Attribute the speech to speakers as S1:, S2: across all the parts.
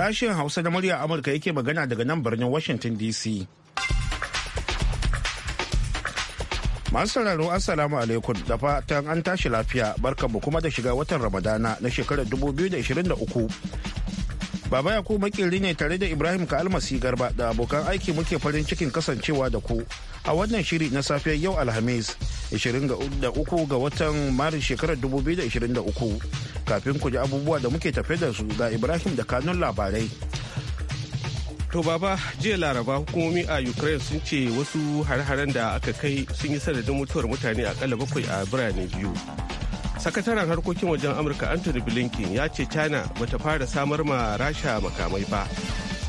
S1: Sashen Hausa na murya Amurka yake magana daga nan birnin Washington DC. Masu sauraro Assalamu alaikum da fatan an tashi lafiya barkanmu kuma da shiga watan Ramadana na shekarar 2023 Baba Yakubu makirri ne tare da Ibrahim ka almasi Garba da abokan aiki muke farin cikin kasancewa da ku a wannan shiri na safiyar yau Alhamis 23 ga watan Maris shekarar 2023. Kafin ku ji abubuwa da muke tafe da su ga Ibrahim da kanun labarai.
S2: To baba jiya laraba hukumomi a Ukraine sun ce wasu har-haren da aka kai sun yi sanadin mutuwar mutane akalla bakwai a birane biyu. sakataren harkokin wajen amurka anthony blinken ya ce china ta fara samar ma rasha makamai ba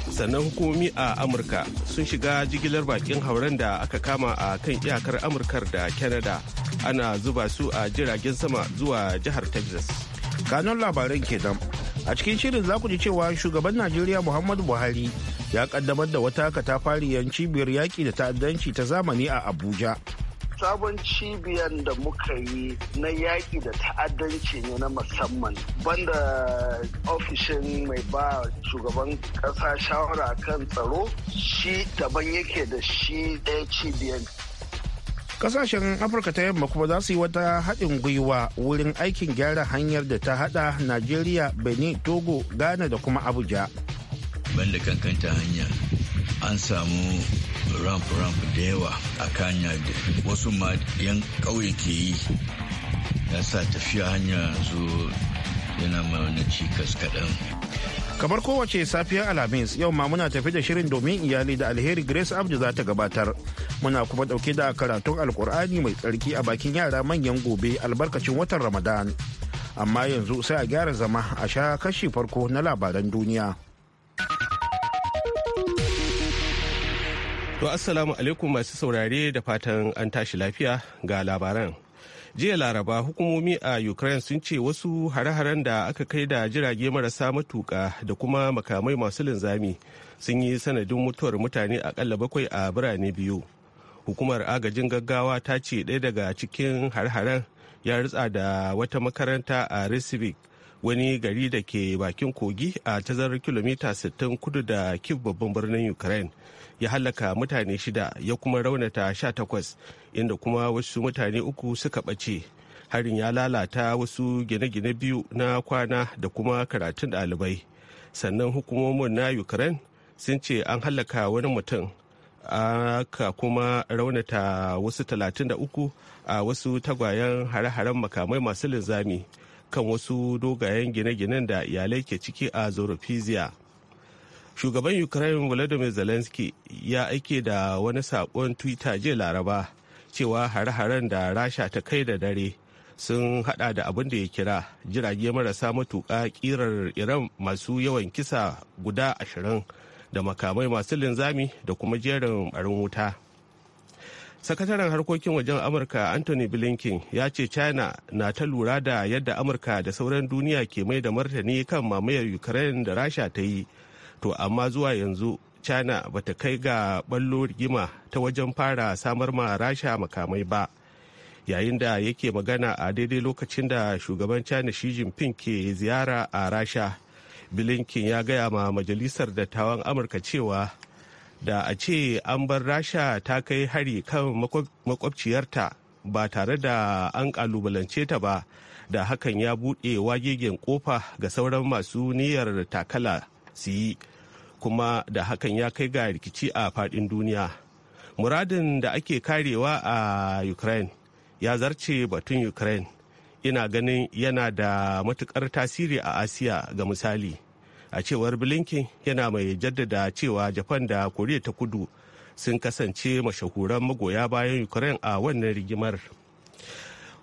S2: sannan hukumomi a amurka sun shiga jigilar bakin hauren da aka kama a kan iyakar amurkar da canada ana zuba su a jiragen sama zuwa jihar texas kanun labaran kenan a cikin shirin
S1: za ku ji cewa shugaban najeriya muhammadu buhari ya kaddamar da wata katafariyar cibiyar yaƙi da ta'addanci ta zamani a abuja
S3: sabon cibiyar da muka yi na yaƙi da ta'addanci ne na musamman banda ofishin mai ba shugaban ƙasa shawara kan tsaro shi daban yake da shi ɗaya cibiyar
S1: kasashen afirka ta yamma kuma za su yi wata haɗin gwiwa wurin aikin gyara hanyar da ta haɗa najeriya benin togo ghana da kuma abuja
S4: banda kankanta hanya an samu ramp ramp da yawa a kanya da wasu ma yan ƙauye ke yi ya sa tafiya hanya zo yana ma cikas kaɗan
S1: kamar kowace safiyar alhamis yau ma muna tafi da shirin domin iyali da alheri grace abdu za ta gabatar muna kuma dauke da karatun alkur'ani mai tsarki a bakin yara manyan gobe albarkacin watan ramadan amma yanzu sai a gyara zama a sha kashi farko na
S2: labaran duniya. To assalamu alaikum masu saurare da fatan an tashi lafiya ga labaran. Jiya Laraba hukumomi a Ukraine sun ce wasu hare-haren da aka kai da jirage marasa matuka da kuma makamai masu linzami sun yi sanadin mutuwar mutane akalla bakwai a birane biyu. Hukumar agajin gaggawa ta ce ɗaya daga cikin hare haren ya ritsa da wata makaranta a Resivik wani gari da ke bakin kogi a tazarar kilomita 60 kudu da kif babban birnin Ukraine. ya halaka mutane shida ya kuma raunata sha takwas inda kuma wasu mutane uku suka ɓace harin ya lalata wasu gine-gine biyu na kwana da kuma karatun ɗalibai sannan hukumomin na ukraine sun ce an halaka wani mutum aka kuma raunata wasu talatin da uku a wasu tagwayen hare-haren makamai masu linzami kan wasu dogayen gine-ginen da iyalai ke ciki a zoropizia shugaban ukraine volodymyr zelensky ya aike da wani saƙon twitter jiya laraba cewa hare-haren da rasha ta kai da dare sun hada da abin da ya kira jirage marasa matuƙa kirar iran masu yawan kisa guda ashirin da makamai masu linzami da kuma jerin barin wuta sakataren harkokin wajen amurka anthony blinken ya ce china na ta lura da yadda amurka da sauran duniya ke mai da martani kan mamayar ukraine da rasha ta yi to amma zuwa yanzu china bata kai ga ballo rigima ta wajen fara samar ma rasha makamai ba yayin da yake magana a daidai lokacin da shugaban china shi jinping ke ziyara a rasha bilinkin ya gaya ma majalisar dattawan amurka cewa da a ce an bar rasha ta kai hari kan makwabciyarta ba tare da an kalubalance ta ba da hakan ya buɗe wagegen kofa ga sauran masu niyyar takala su yi kuma da hakan ya kai ga rikici a faɗin duniya muradin da ake karewa a ukraine ya zarce batun ukraine ina ganin yana da matukar tasiri a asiya ga misali a cewar blinken yana mai jaddada cewa japan da korea ta kudu sun kasance mashahuran magoya bayan ukraine a wannan rigimar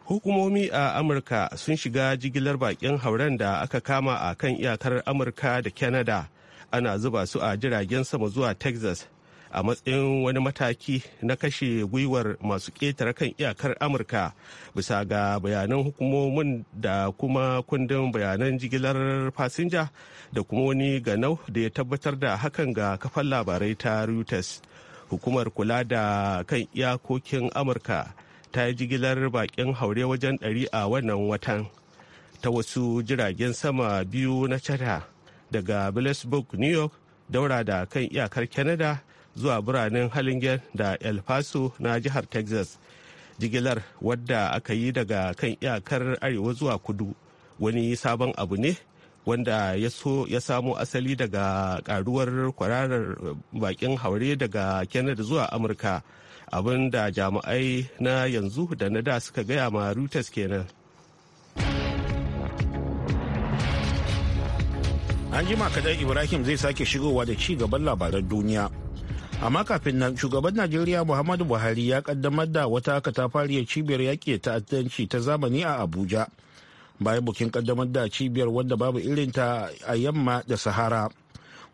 S2: hukumomi a amurka sun shiga jigilar bakin hauren da aka kama a kan iyakar amurka da canada ana zuba su a jiragen sama zuwa texas a matsayin wani mataki na kashe gwiwar masu ketare kan iyakar amurka bisa ga bayanan hukumomin da kuma kundin bayanan jigilar fasinja da kuma wani ganau da ya tabbatar da hakan ga kafan labarai ta reuters hukumar kula da kan iyakokin amurka ta yi jigilar bakin haure wajen ɗari a wannan watan ta wasu jiragen sama biyu na chata daga Billesburg, New York, daura da kan iyakar Canada zuwa biranen halingen da El Paso na jihar Texas. Jigilar wadda aka yi daga kan iyakar arewa zuwa kudu wani sabon abu ne wanda ya samo asali daga karuwar kwararar bakin haure daga Canada zuwa Amurka abin da jami'ai na yanzu da na da suka gaya ma reuters kenan an
S1: jima kadan ibrahim zai sake shigowa da ci gaban labaran duniya amma kafin nan shugaban najeriya muhammadu buhari ya kaddamar da wata katafariyar cibiyar yaƙi addanci ta zamani a abuja bayan bukin kaddamar da cibiyar wanda babu irinta a yamma da sahara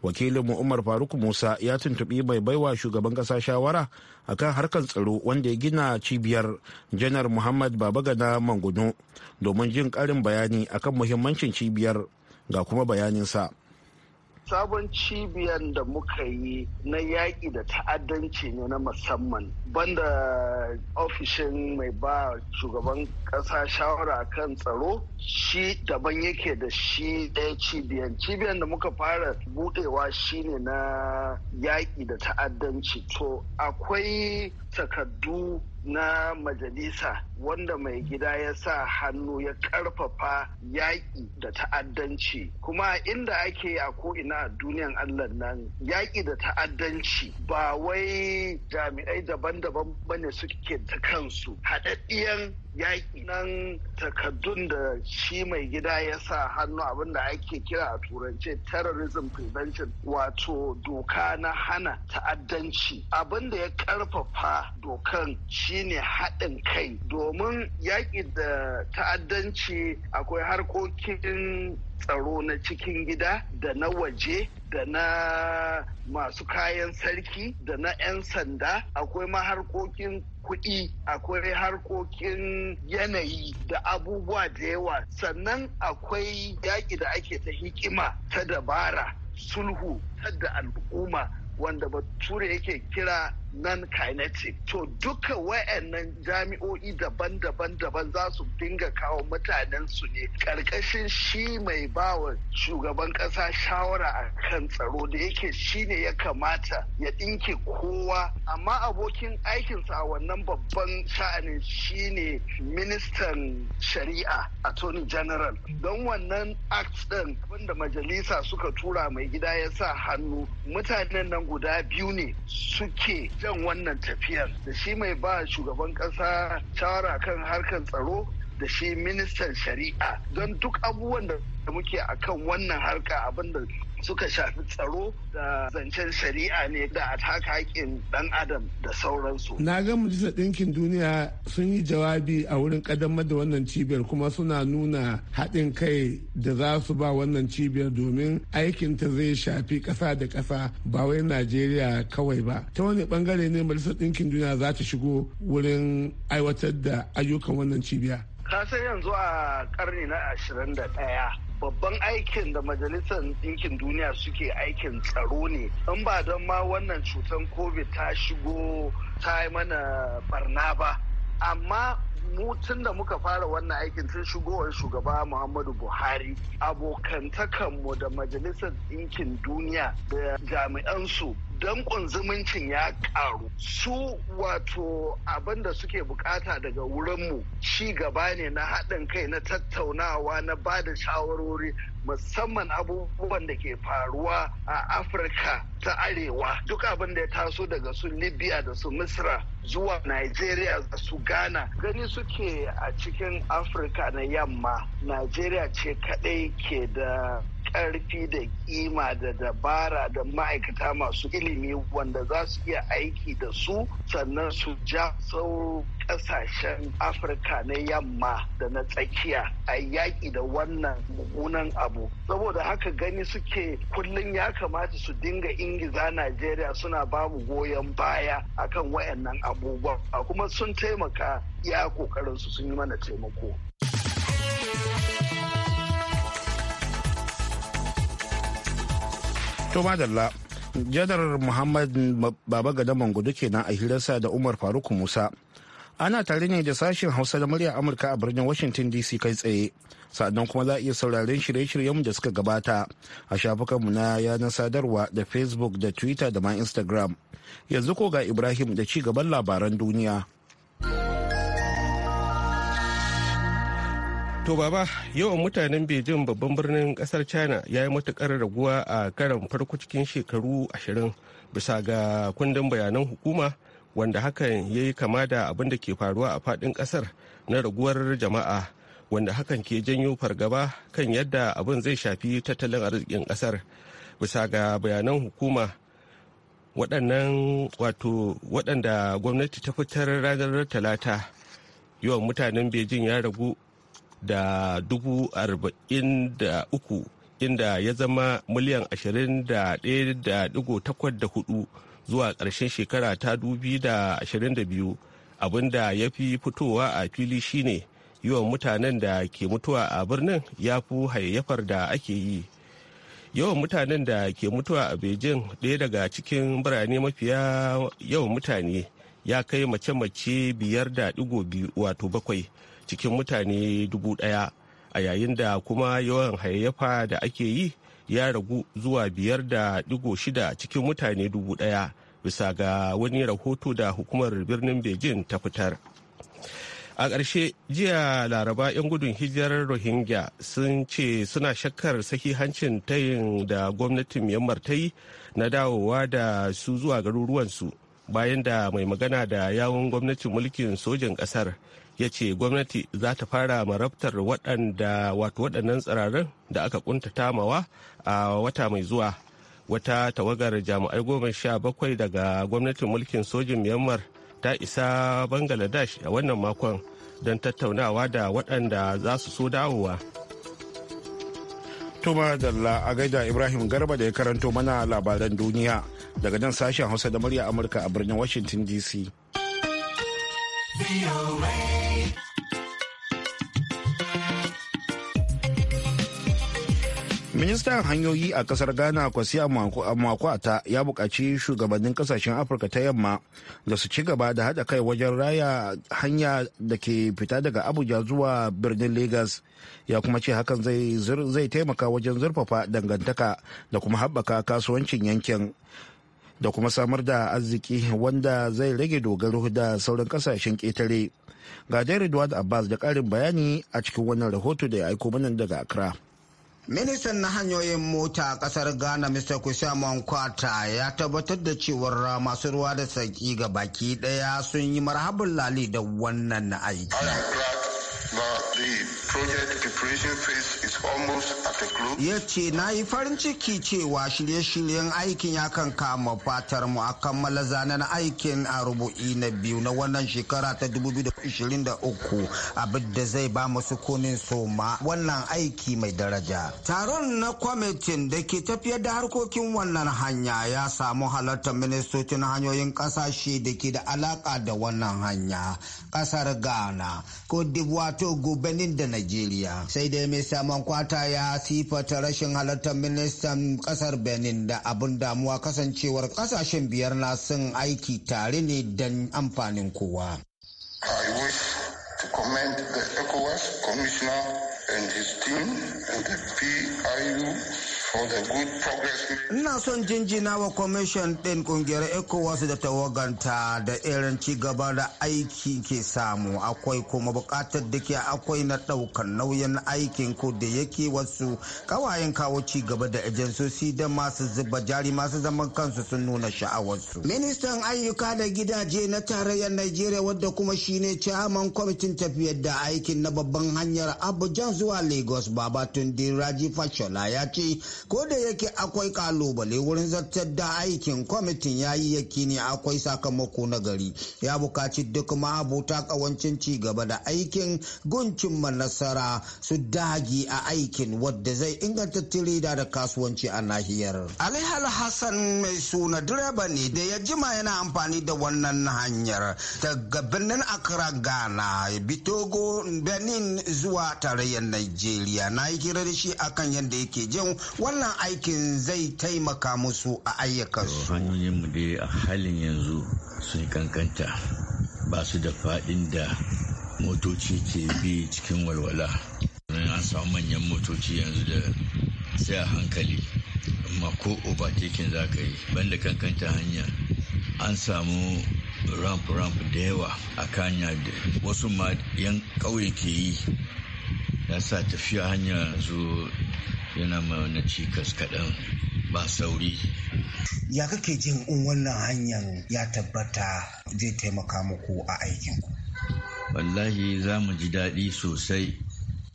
S1: wakilinmu umar faruk musa ya tuntubi mai baiwa shugaban kasa shawara akan harkar tsaro wanda ya gina cibiyar janar muhammad babagana manguno domin jin karin bayani akan muhimmancin cibiyar ga kuma bayaninsa. sa
S3: sabon cibiyar da muka yi na yaƙi da ta'addanci ne na musamman banda ofishin mai ba shugaban ƙasa shawara kan tsaro shi daban yake da shi ɗaya cibiyan cibiyan da muka fara buɗewa shi ne na yaƙi da ta'addanci to akwai takardu na majalisa wanda mai gida ya sa hannu ya karfafa yaƙi da ta'addanci kuma inda ake a ko'ina a duniyan allah nan yaƙi da ta'addanci ba wai jami'ai daban-daban bane suke ta kansu haɗaɗɗiyan yaƙi nan takaddun da shi mai gida ya sa hannu abinda ake kira a turance terrorism prevention wato doka na hana ta'addanci abinda ya karfafa dokan shine haɗin kai domin yaƙi da ta'addanci akwai harkokin tsaro na cikin gida da na waje da na masu kayan sarki da na 'yan sanda akwai ma harkokin kuɗi akwai harkokin yanayi da abubuwa da yawa sannan akwai yaƙi da ake ta hikima ta dabara sulhu ta da al'umma wanda bature yake kira non-kinetic to duka wayannan jami'o'i daban-daban daban za su dinga kawo mutanen su ne karkashin shi mai bawa shugaban kasa shawara a kan tsaro da yake shi ne ya kamata ya dinke kowa amma abokin aikinsa a wannan babban sha'anin ne ministan shari'a attorney general don wannan act din abinda majalisa suka tura mai gida ya sa hannu mutanen nan guda biyu ne suke jan wannan tafiyar da shi mai ba shugaban kasa shawara kan harkar tsaro da shi ministan shari'a don duk abubuwan da muke akan wannan harka abinda suka shafi tsaro da zancen shari'a ne da atakakin haƙƙin ɗan adam da sauransu.
S1: Na ga majalisar ɗinkin duniya sun yi jawabi a wurin ƙaddamar da wannan cibiyar kuma suna nuna haɗin kai da za su ba wannan cibiyar domin aikin ta zai shafi ƙasa da ƙasa ba wai Najeriya kawai ba. Ta wani ɓangare ne majalisar ɗinkin duniya za ta shigo wurin aiwatar da ayyukan wannan cibiya.
S3: Ka yanzu a ƙarni na ashirin da ɗaya babban aikin da majalisar ɗinkin duniya suke aikin tsaro ne in ba don ma wannan cutar covid ta shigo ta mana barna ba amma mu tun da muka fara wannan aikin tun shigowar shugaba muhammadu buhari abokantakanmu da majalisar ɗinkin duniya da jami'ansu dankon zumuncin ya ƙaru. su wato abin da suke bukata daga wurinmu ci gaba ne na haɗin kai na tattaunawa na ba da shawarori musamman abubuwan da ke faruwa a afirka ta arewa duk abin da ya taso daga su libya da su misra zuwa nigeria da su ghana gani suke a cikin afirka na yamma nigeria ce kadai ke da ƙarfi da kima da dabara da ma'aikata masu ilimi wanda za su iya aiki da su sannan su ja sau ƙasashen afirka na yamma da na tsakiya a yaƙi da wannan mummunan abu saboda haka gani suke kullum ya kamata su dinga ingiza najeriya suna babu goyon baya akan wayannan abubuwa kuma sun taimaka ya ƙoƙarinsu sun yi mana taimako
S1: to madalla jadar muhammad baba gada mangudu kenan a sa da umar faruk musa ana tare ne da sashen hausa da murya amurka a birnin washington dc kai tsaye sannan kuma za a iya sauraren shirye-shiryen da suka gabata a shafukanmu na yanar sadarwa da facebook da twitter da ma instagram yanzu ko ga ibrahim
S2: da ci gaban labaran duniya. To baba yawan mutanen Beijing babban birnin kasar China ya yi matukar raguwa a karan farko cikin shekaru ashirin bisa ga kundin bayanan hukuma wanda hakan ya yi kama da abin da ke faruwa a fadin kasar na raguwar jama'a wanda hakan ke janyo fargaba kan yadda abin zai shafi tattalin arzikin kasar bisa ga bayanan hukuma waɗannan wato waɗanda gwamnati ta fitar ranar talata yawan mutanen beijing ya ragu da dubu arba'in da uku inda ya zama miliyan ashirin da ɗaya da digo takwas da hudu zuwa ƙarshen shekara ta dubi da ashirin da biyu abinda ya fi fitowa a fili shine yawan mutanen da ke mutuwa a birnin ya fi hayayyafar da ake yi yawan mutanen da ke mutuwa a beijing ɗaya daga cikin birane mafiya yawan mutane ya kai mace-mace biyar da digo biyu wato bakwai cikin mutane dubu ɗaya a yayin da kuma yawan hayayyafa da ake yi ya ragu zuwa biyar da digo shida cikin mutane dubu ɗaya bisa ga wani rahoto da hukumar birnin beijing ta fitar a ƙarshe jiya laraba 'yan gudun hijirar rohingya sun ce suna shakkar sahihancin tayin da gwamnatin myanmar ta yi na dawowa da su zuwa garuruwansu bayan da mai magana da yawun gwamnatin mulkin sojin kasar ya ce gwamnati za ta fara marabtar waɗanda wato waɗannan tsirarin da aka kunta mawa a wata mai zuwa wata tawagar jami'ai goma sha bakwai daga gwamnatin mulkin sojin myanmar ta isa bangladesh a wannan makon don tattaunawa da waɗanda za su so dawowa Tuma Dalla a
S1: gaida Ibrahim Garba da ya karanto mana labaran duniya daga nan sashen Hausa da murya Amurka a birnin Washington DC. ministan hanyoyi a kasar ghana kwasi makwata ya bukaci shugabannin kasashen afirka ta yamma da su ci gaba da haɗa kai wajen raya hanya da ke fita daga abuja zuwa birnin lagos ya kuma ce hakan zai taimaka wajen zurfafa dangantaka da kuma haɓaka kasuwancin yankin da kuma samar da arziki wanda zai rage dogaro da sauran kasashen ƙetare ga da abbas da ƙarin bayani a cikin wannan rahoto da ya aiko mana daga accra
S5: Ministan na hanyoyin mota a kasar Ghana Mr. Kusamon Kwata ya tabbatar da cewar masu ruwa da sauki ga baki daya sun yi marhabin lali da wannan aiki.
S6: the project preparation phase is almost
S5: ya ce na yi farin ciki cewa shirye-shiryen aikin ya kan kama fatar mu a kammala zanen aikin a rubu'i na biyu na wannan shekara ta 2023 abin da zai ba mu sukunin soma wannan aiki mai daraja taron na kwamitin da ke tafiyar da harkokin wannan hanya ya samu halartar ministocin hanyoyin kasashe da ke da alaka da wannan hanya kasar ghana ko d'Ivoire, Togo, Benin da Najeriya. Sai dai mai saman kwata ya latifa ta rashin halartar ministan kasar benin da abin damuwa kasancewar kasashen biyar na sun aiki tare ne don amfanin kowa
S3: I wish to commend the ECOWAS commissioner and his team and the PIU
S5: Ina son jinjina wa kwamishin ɗin ƙungiyar ECOWAS da tawaganta da irin ci gaba da aiki ke samu akwai kuma buƙatar da ke akwai na ɗaukar nauyin aikin ko da yake wasu kawayen kawo ci gaba da ejensosi da masu zuba jari masu zaman kansu sun nuna sha'awarsu. Ministan ayyuka da gidaje na tarayyar Najeriya wadda kuma shine chairman kwamitin tafiyar da aikin na babban hanyar Abuja zuwa Lagos Babatunde Raji Fashola ya ce ko da yake akwai kalubale wurin zartar da aikin kwamitin ya yi yakini akwai sakamako na gari ya bukaci duk ma'abuta kawancin ci gaba da aikin guncin nasara su dagi a aikin wadda zai inganta tirida da kasuwanci a nahiyar alihal hassan mai suna direba ne da ya jima yana amfani da wannan hanyar daga birnin accra ghana bitogo benin zuwa tarayyar nigeria na yi kira da shi akan yadda yake jin wannan aikin zai taimaka musu a ayyukansu
S4: hanyoyin mu dai a halin yanzu sun kankanta ba su da fadin da motoci ke bi cikin walwala an samu manyan motoci yanzu da sai a hankali amma ko overtaking za ka yi banda kankanta hanya an samu ramp ramp da yawa a kanya da wasu ma yan ƙauye ke yi ya sa tafiya hanya zuwa yana ma wani cikas kaɗan ba sauri.
S5: Ya kake jin in wannan hanyar ya tabbata zai taimaka muku a aikinku?
S4: Wallahi za mu ji daɗi sosai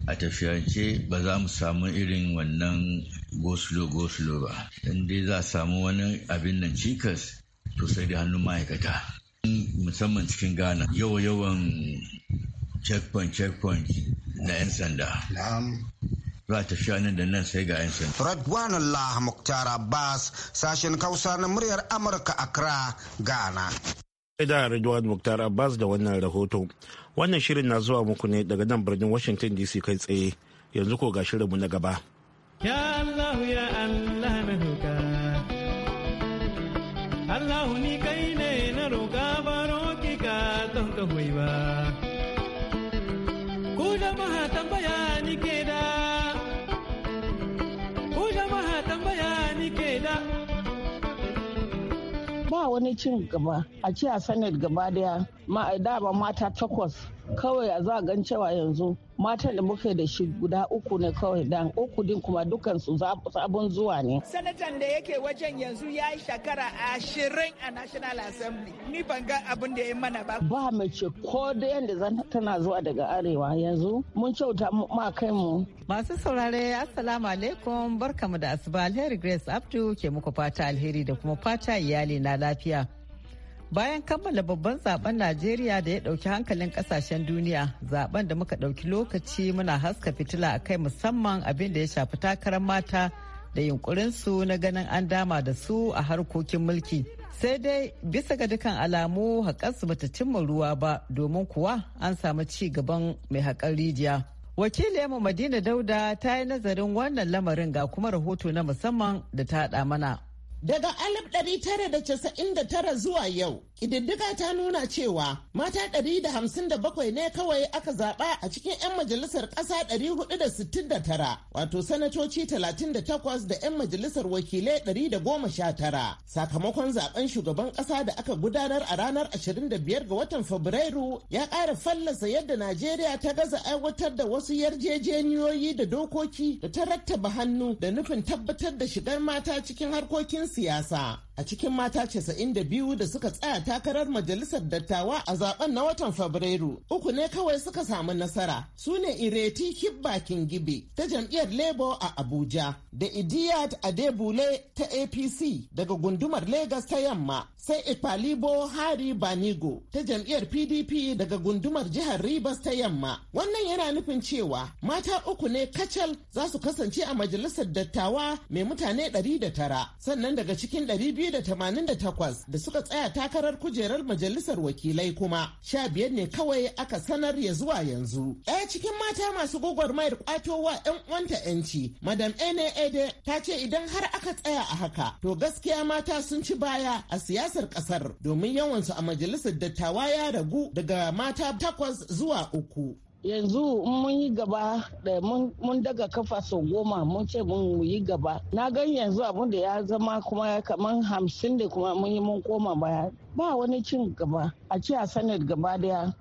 S4: a tafiyance ba za mu samu irin wannan gosulo goslo ba. In dai za samu wani abin nan cikas to sai da hannun ma'aikata. Musamman cikin Ghana yawa yawan checkpoint checkpoint na 'yan sanda. za ta sha nan da nan sai ga 'yan sanda. Radwan Allah Mukhtar
S5: Abbas sashen Kausa na muryar Amurka Accra, Ghana.
S1: da Radwan Muktar Abbas da wannan rahoto. Wannan shirin na zuwa muku ne daga nan birnin Washington DC kai tsaye. Yanzu ko ga shirinmu na gaba.
S4: Ya Allah ya Allah na roka. Allah ni kai ne na roka baro ki ka don ka
S7: wani cin gaba a ce a sanar gaba daya dama mata takwas kawai a za gan cewa yanzu matan da muke da shi guda uku ne kawai dan uku din kuma dukan su sabon zuwa ne. Sanatan da yake wajen yanzu ya yi shekara ashirin a National Assembly. Ni ban ga abin da ya mana ba. Ba mace ko da yadda tana zuwa daga arewa yanzu mun kyauta ma kai Masu saurare Assalamu alaikum barkamu da asuba alheri Grace
S8: Abdu ke muku fata alheri da kuma fata iyali na lafiya. bayan kammala babban zaben najeriya da ya dauki hankalin kasashen duniya zaben da muka dauki lokaci muna haska fitila a kai musamman abin da ya shafi takarar mata da yunkurinsu na ganin an dama da su a harkokin mulki sai dai bisa ga dukan alamu haƙarsu bata cimma ruwa ba domin kuwa an samu ci gaban mai haƙar rijiya wakiliyarmu madina dauda ta yi nazarin wannan lamarin ga kuma rahoto na musamman da ta haɗa mana
S9: Daga 1999 zuwa yau, ƙididdiga ta nuna cewa mata 157 ne kawai aka zaɓa a cikin 'yan majalisar ƙasa 469, wato sanatoci 38 da 'yan majalisar wakilai 119. Sakamakon zaɓen shugaban ƙasa da aka gudanar a ranar 25 ga watan Fabrairu ya ƙara fallasa yadda Najeriya ta gaza aiwatar da wasu yarjejeniyoyi da dokoki da ta rattaba hannu da nufin tabbatar da shigar mata cikin harkokin siyasa. a cikin mata 92 da suka tsaya takarar majalisar dattawa a zaben na watan Fabrairu. Uku ne kawai suka samu nasara. Su ne Ireti Kibba Kingibe ta jam'iyyar Labour a Abuja da Idiyat Adebule ta APC daga gundumar Legas ta yamma. Sai Ipalibo Hari Banigo ta jam'iyyar PDP daga gundumar jihar Ribas ta yamma. Wannan yana nufin cewa mata uku ne kacal za su kasance a majalisar dattawa mai mutane 109 sannan daga cikin 200 288 da suka tsaya takarar kujerar majalisar wakilai kuma sha biyar ne kawai aka sanar ya zuwa yanzu. Ɗaya cikin mata masu gwagwarmayar wa 'yan uwanta 'yanci, Madam Ene Ede ta ce idan har aka tsaya a haka, to gaskiya mata sun ci baya a siyasar ƙasar domin yawansu a majalisar dattawa ya ragu daga mata takwas zuwa uku. yanzu mun yi
S7: gaba da mun daga kafa sau goma mun ce mun yi gaba na gan yanzu abin da ya zama kuma kamar hamsin da kuma mun yi mun koma baya ba wani cin gaba a ce a sanar gaba daya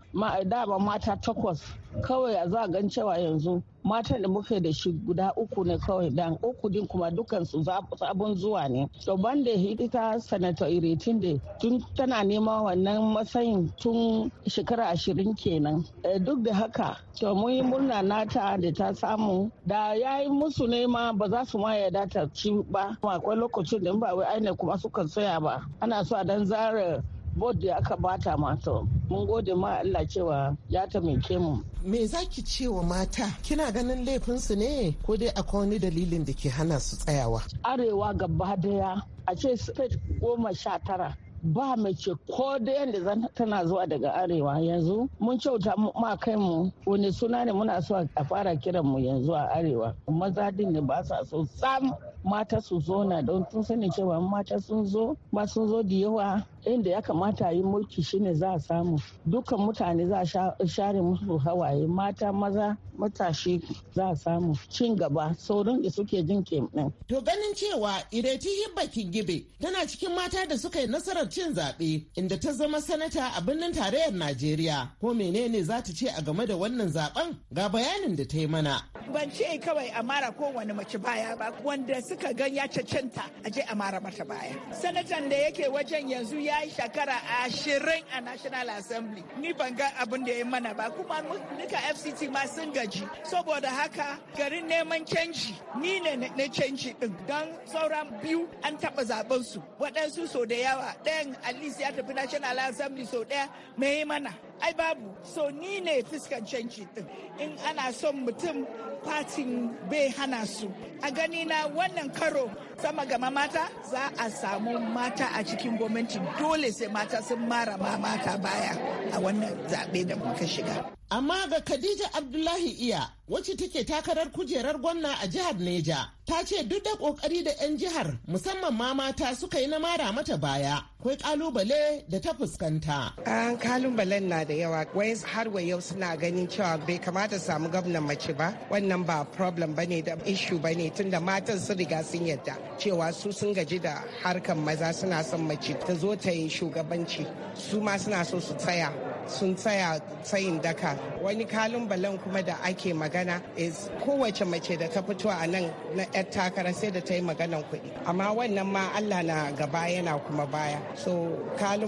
S7: daba mata takwas kawai za a gan cewa yanzu matan da muke da shi guda uku ne kawai dan uku din kuma dukan su sabon zuwa ne to banda ita sanata iretin da tun tana nema wannan matsayin tun shekara ashirin kenan eh, duk da haka to mun yi murna nata da ta samu da ya yi musu nema ba za su ma yarda ta ci ba akwai lokacin da ba wai aina kuma sukan soya ba ana so a dan zara bod da aka bata
S9: mata mun gode ma Allah cewa ya taimake mu me zaki ce wa mata kina ganin laifinsu ne ko dai akwai wani dalilin da ke hana su tsayawa arewa
S7: gaba daya a ce state goma sha tara ba mace ko da yadda tana zuwa daga arewa yanzu mun kyauta ma kai mu wani suna ne muna so a fara kiran mu yanzu a arewa maza din ne ba sa so sam mata su zo na don tun sani cewa mata sun zo ba sun zo da yawa inda ya kamata yi mulki shine za a samu dukkan mutane za a share musu hawaye mata maza matashi za a samu cin gaba sauran da suke jin kemɗin.
S9: to ganin cewa ireti hibba gibe tana cikin mata da suka yi nasarar cin zaɓe inda ta zama sanata a birnin tarayyar najeriya ko menene za ta ce a game da wannan zaben ga bayanin da ta yi mana ban ce kawai amara mara wani mace baya ba wanda suka gan ya cancanta
S7: a je a mata baya sanatan da yake wajen yanzu ya yi shekara ashirin a National Assembly. Ni ban ga abin da ya yi mana ba kuma duka FCT ma sun gaji. Saboda haka garin neman canji ni ne na canji din don sauran biyu an taba zaben su waɗansu sau da yawa ɗayan at least ya tafi National Assembly sau ɗaya mai mana. ai babu so ni ne fiskan canci din in ana son mutum fatin bai hana su a gani na wannan karo sama gama mata za a samu mata a cikin gwamnati dole sai mata sun mara ma mata
S9: baya a wannan zaɓe da muka shiga Amma ga Khadija Abdullahi Iya wacce take takarar kujerar gwamna a jihar Neja ta ce duk da kokari da 'yan jihar musamman ma mata suka yi na mara mata baya kai kalubale da ta fuskanta. An kalubalen na da yawa wai har wa yau suna ganin cewa bai kamata samu gwamnan mace ba wannan ba problem ba ne da ishu ba tunda matan sun riga sun yadda cewa su sun gaji da harkan maza suna son mace ta zo ta yi shugabanci su ma suna so su tsaya sun tsaya tsayin daka wani balan kuma da ake magana
S10: is kowace mace da ta fito a nan na 'yar takara sai da ta yi maganan kuɗi amma wannan ma allah na gaba yana kuma baya so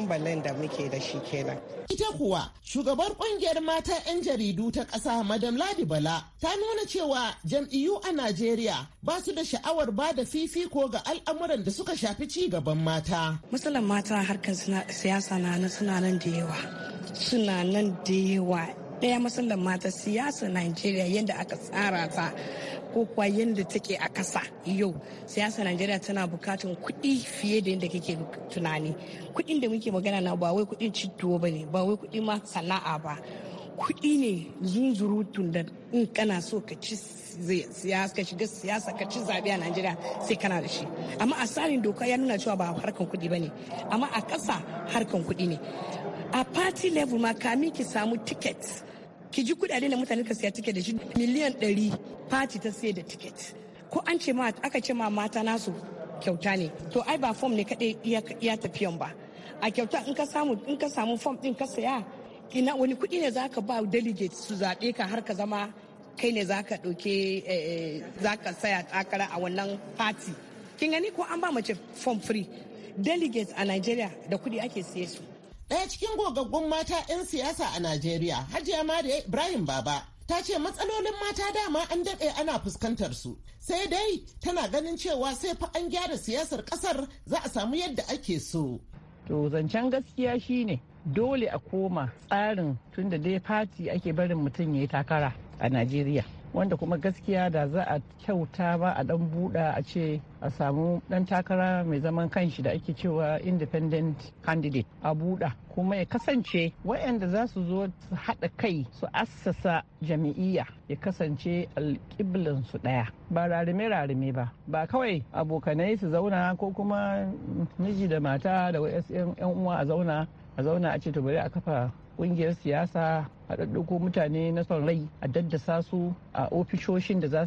S10: balan da muke da shi kenan
S9: ita kuwa shugabar kungiyar mata 'yan jaridu ta ƙasa madam ladi bala ta nuna cewa jam'iyyu a najeriya ba su da sha'awar ba da fifiko ga al'amuran da suka shafi ci gaban mata
S10: matsalan mata harkar siyasa na suna nan da yawa suna nan da yawa ɗaya matsalar mata siyasa Najeriya yadda aka tsara ta ko kuwa yadda take a kasa yau siyasa Najeriya tana bukatun kuɗi fiye da yadda kake tunani kuɗin da muke magana na ba wai kuɗin cito ba ne ba wai kuɗi ma sana'a ba kuɗi ne zunzurutun da in kana so ka ci siyasa ka shiga siyasa ka ci zaɓe a Najeriya sai kana da shi amma a tsarin doka ya nuna cewa ba harkan kuɗi ba ne amma a kasa harkan kuɗi ne a party level makami ki samu ticket ki ji kudade da mutane ka siya ticket da shi miliyan 100 party ta siya da ticket ko an ce ma aka ce ma mata nasu kyauta ne to ai ba form ne kadai ya tafiyan ba a kyauta in ka samu in ka samu form din ka saya ina wani kudi ne zaka ba delegate su zabe ka har ka zama kai ne zaka doke eh, eh, zaka saya takara a wannan party kin gani ko an ba mace form free delegates a Nigeria da kudi ake siye su daya cikin gogaggun
S9: mata 'yan siyasa a Najeriya, Hajiya Mariya Ibrahim Baba, ta ce matsalolin mata dama an daɗe ana fuskantar su. Sai dai tana ganin cewa sai fa an gyara siyasar ƙasar za a samu yadda ake so. To zancen gaskiya shine dole
S11: a koma tsarin tunda dai fati ake barin mutum ya yi takara a Najeriya. wanda kuma gaskiya da za a kyauta ba a dan buɗa a ce a samu dan takara mai zaman kanshi da ake cewa independent candidate a buɗa kuma ya kasance wayanda za su zo su haɗa kai su assasa jami'iyya ya kasance alƙiblinsu su ɗaya ba rarime rarime ba ba kawai abokanai su zauna ko kuma miji da mata da wasu 'yan uwa a zauna a zauna a ce to bari a kafa ƙungiyar siyasa a ɗaɗɗauko mutane na son rai a daddasa su a ofishoshin da za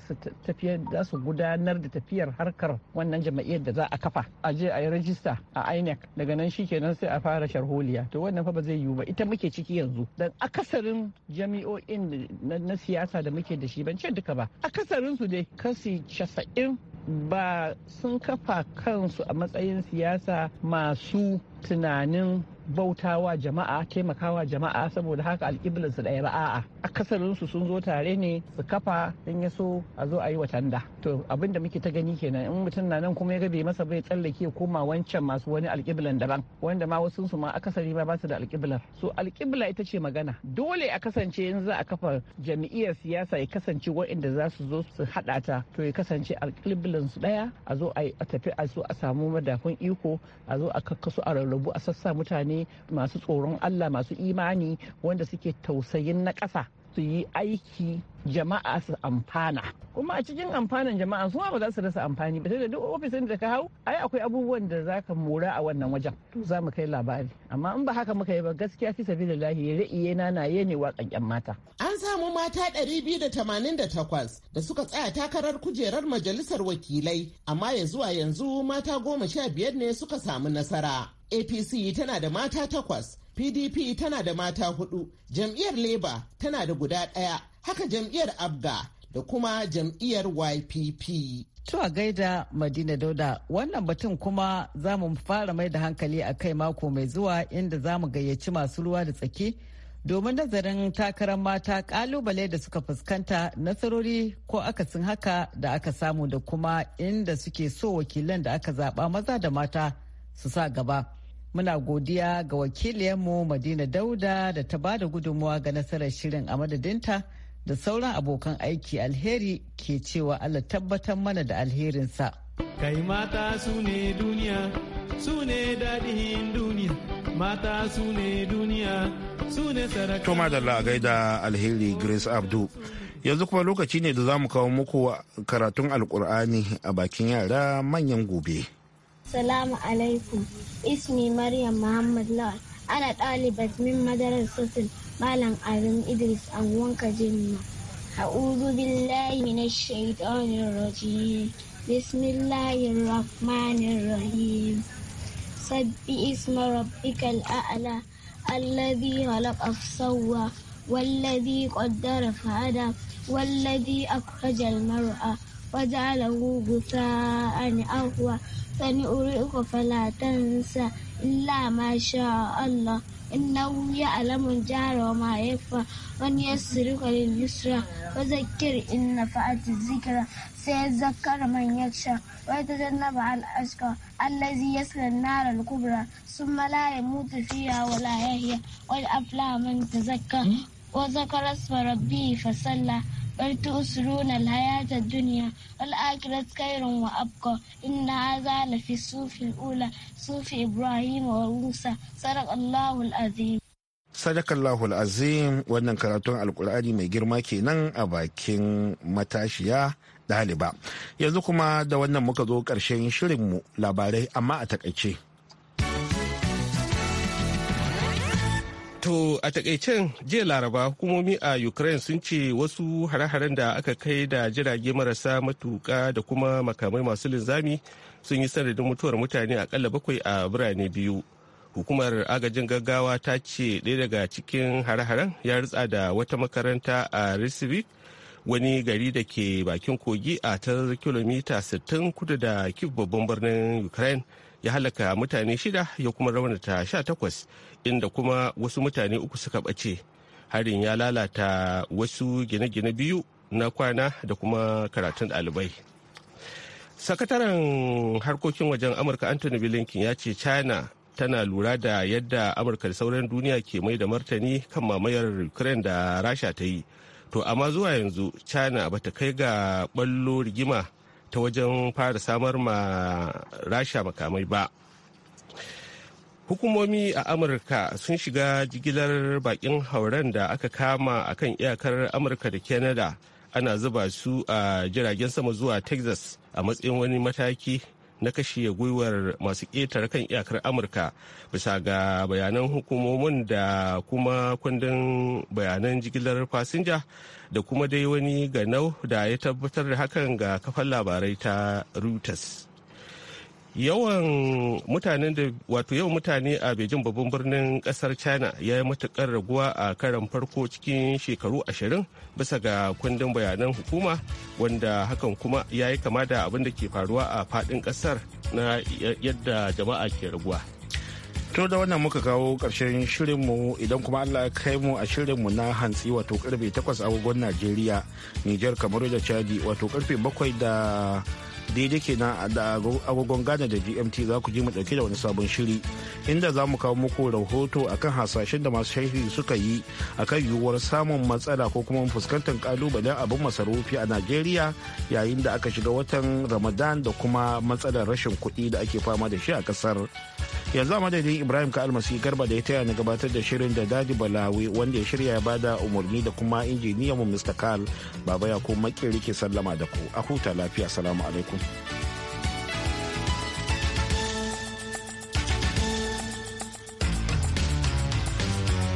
S11: su gudanar da tafiyar harkar wannan jama'iyyar da za a kafa a je a yi rajista a inec daga nan shi kenan sai a fara sharholiya to wannan fa ba zai yiwu ba ita muke ciki yanzu dan akasarin jami'o'in na siyasa da muke da shi ban ce duka ba akasarin su dai kasi casa'in ba sun kafa kansu a matsayin siyasa masu tunanin bautawa jama'a taimakawa jama'a saboda haka su ɗaya ba a'a akasarinsu sun zo tare ne su kafa in ya so a zo a yi watanda to abin da muke ta gani kenan in mutum na nan kuma ya bai masa bai tsallake koma wancan masu wani alƙiblan daban wanda ma wasu su ma akasari ma ba su da alkiblar so alƙibla ita ce magana dole a kasance in za a kafa jami'iyar siyasa ya kasance waɗanda za su zo su haɗa ta to ya kasance alƙiblan su ɗaya a zo a tafi a zo a samu madafun iko a zo a kakkasu a rarrabu a sassa mutane masu tsoron Allah masu imani wanda suke tausayin na ƙasa su yi aiki jama'a su amfana kuma a cikin amfanan jama'a su ba za su rasa amfani ba da duk ofisin da ka hau ai akwai abubuwan da za ka mora a wannan wajen za mu kai labari amma in ba haka muka yi ba gaskiya fi
S9: sabi da lahi ra'iye na na ne waƙaƙen mata an samu mata ɗari 288 da suka tsaya takarar kujerar majalisar wakilai amma ya zuwa yanzu mata goma sha biyar ne suka samu nasara apc tana da mata takwas pdp tana da mata hudu jam'iyyar leba tana da guda ɗaya haka jam'iyyar abga da kuma jam'iyyar ypp To gaida Madina Dauda wannan
S8: batun kuma za mu fara mai da hankali a kai mako mai zuwa inda za mu gayyaci masu ruwa da tsaki domin nazarin takarar mata kalubale da suka fuskanta nasarori ko akasin haka da aka samu da kuma inda suke so wakilan da aka zaba maza da mata su sa gaba. Muna godiya ga wakiliyarmu Madina Dauda da ta bada gudunmuwa ga nasarar shirin a madadinta da sauran abokan aiki alheri ke cewa Allah tabbatar mana da alherinsa.
S2: Kai mata su ne duniya, su ne daɗin duniya, mata su ne duniya, su ne sarakuna. Toma da
S1: gaida alheri Grace Abdu. Yanzu kuma lokaci ne da za mu kawo muku karatun alkur'ani a bakin yara manyan gobe.
S6: Salamu alaikum. Ismi Maryam Muhammad Lawal. Ana ɗalibat min madarar sosin Malam Arun Idris an wanka jinna. A'udhu billahi minash shaitanir rajim. Bismillahir Rahmanir Rahim. Sabbi isma rabbikal a'la alladhi khalaqa fasawwa والذي قدر فهدى والذي أخرج المرأة وجعله غثاء أهوى sani uri uku fala tansa illa ma sha Allah inna wuya alamun jara ma yafa wani ya siri kwalin nisra wa zakir inna fa'ati zikira sai ya zakar man ya sha wa ya tajar na ba'al ashka allazi ya kubra sun malaye mutu fiya wa layahiya wa ya afla man ta zakka wa zakar rabbi fa sallah وتؤثرون الحياة duniya والآخرة خير وأبقى إن هذا لفي الصوف fi sufi إبراهيم sufi ibrahim wa العظيم
S1: sadakallahu azim wannan karatun alkur'ani mai girma kenan a bakin matashiya ɗaliba yanzu kuma da wannan muka zo ƙarshen shirinmu
S2: labarai amma a takaice. To a takaicen jiya laraba hukumomi a Ukraine sun ce wasu hare-haren da aka kai da jirage marasa matuka da kuma makamai masu linzami sun yi sanadin mutuwar mutane akalla bakwai a birane biyu. Hukumar agajin gaggawa ta ce ɗaya daga cikin hare-haren ya ritsa da wata makaranta a Risibi wani gari da ke bakin kogi a ta kilomita 60 kudu da kif babban birnin Ukraine ya halaka mutane shida ya kuma raunata sha takwas inda kuma wasu mutane uku suka ɓace harin ya lalata wasu gine-gine biyu na kwana da kuma karatun ɗalibai sakataren harkokin wajen amurka anthony blinken ya ce china tana lura da yadda amurka da sauran duniya ke mai da martani kan mamayar ukraine da rasha ta yi to amma zuwa yanzu china ba ta kai ga ballo rigima ta wajen fara samar ma rasha makamai ba hukumomi a amurka sun shiga jigilar bakin hauren da aka kama a kan iyakar amurka da canada ana zuba su a jiragen sama zuwa texas a matsayin wani mataki na kashe gwiwar masu ƙetare kan iyakar amurka bisa ga bayanan hukumomin da kuma kundin bayanan jigilar fasinja da kuma dai wani ganau da ya tabbatar da hakan ga kafan labarai ta reuters yawan mutanen da wato yawan mutane a bejin babban birnin kasar china ya yi matukar raguwa a karan farko cikin shekaru ashirin bisa ga kundin bayanan hukuma wanda hakan kuma ya yi kama da abin da ke faruwa a fadin kasar na yadda jama'a ke raguwa to da
S1: wannan muka kawo ƙarshen shirinmu idan kuma allah kai mu a shirinmu na hantsi wato karfe 8 agogon najeriya nijar kamaru da chadi wato karfe 7 da daidai kenan da agogon Ghana da GMT za ku ji mu dauke da wani sabon shiri inda za mu kawo muku rahoto akan hasashen da masu shahiri suka yi akan yiwuwar samun matsala ko kuma fuskantar kalubalen abin masarufi a Najeriya yayin da aka shiga watan Ramadan da kuma matsalar rashin kuɗi da ake fama da shi a ƙasar. yanzu a madadin ibrahim ka almasi garba da ya taya na gabatar da shirin da dadi balawi wanda ya shirya ya bada umarni da kuma injiniyan mu mr kal baba ya ko makirike sallama da ku a huta lafiya salamu alaikum